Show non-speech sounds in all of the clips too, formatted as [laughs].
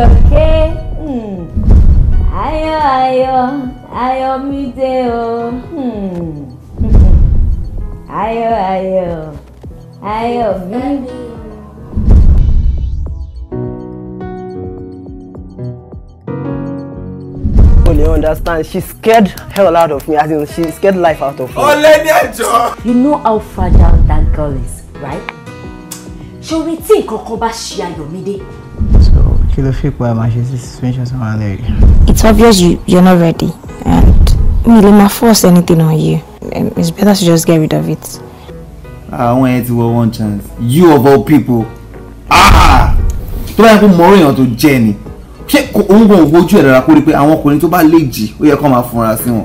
okay. Hmm, ayọ̀ ayọ̀ ayọ̀ mi dé o. Hmm, [laughs] ayọ̀ ayọ̀ ayọ̀ mi. You understand? She scared hell out of me, as in she scared life out of me. Oh, lady, You know how fragile that girl is, right? Ṣé orí tí nǹkan kan bá ṣe Ayọ̀mídé? kí ló fi pa suspension tó wà it's obvious you you're not ready and me lè máa force anything on you it's better to just get rid of it. àwọn ẹ to have one chance you of all people ah! tó bá yẹ kó mọ̀rọ̀ èèyàn tó jẹ́ ni ṣé òun gan ògbó ojú ẹ̀ rárá kó rí pé àwọn ọkùnrin tó bá lè jì ó yẹ kó máa fúnra sí wọn.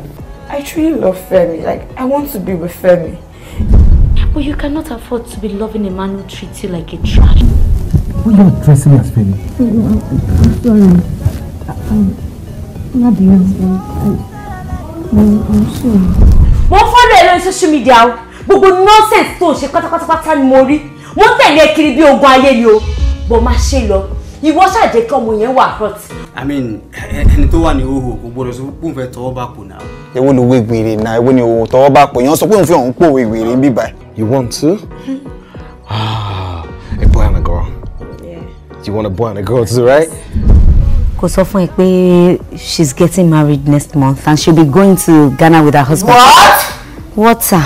I truly love Femi like I want to be with Femi. But you cannot afford to be loving a man who treats you like a trash. Why are you addressing me as Femi? I'm sorry. I'm not the husband. I'm sorry. Mo follow you on social media o. Gbogbo nonsense tó ń ṣe pátápátá ni mo rí. Mo ń tẹ̀lé ẹ kiri bí ogun ayé ni o. Bọ̀ máa ṣe lọ. Ìwọ ṣàjẹ́ kí ọmọ yẹn wà hot. I mean ẹni tó wà ní ìhòòhò kò gbọdọ̀ sọ pé òun fẹ́ tọwọ́ bá na náà. Èwo ló wé gbèrè náà? Èwo ni òun tọwọ́ bá pò? Yẹn sọ pé òun fi òun pòwe gbèrè bíbá. You want to? Hmm. Ah you want a boy and a girl too, right? Kò sọ she's getting married next month and she'll be going to Ghana with her husband. What? What, sir?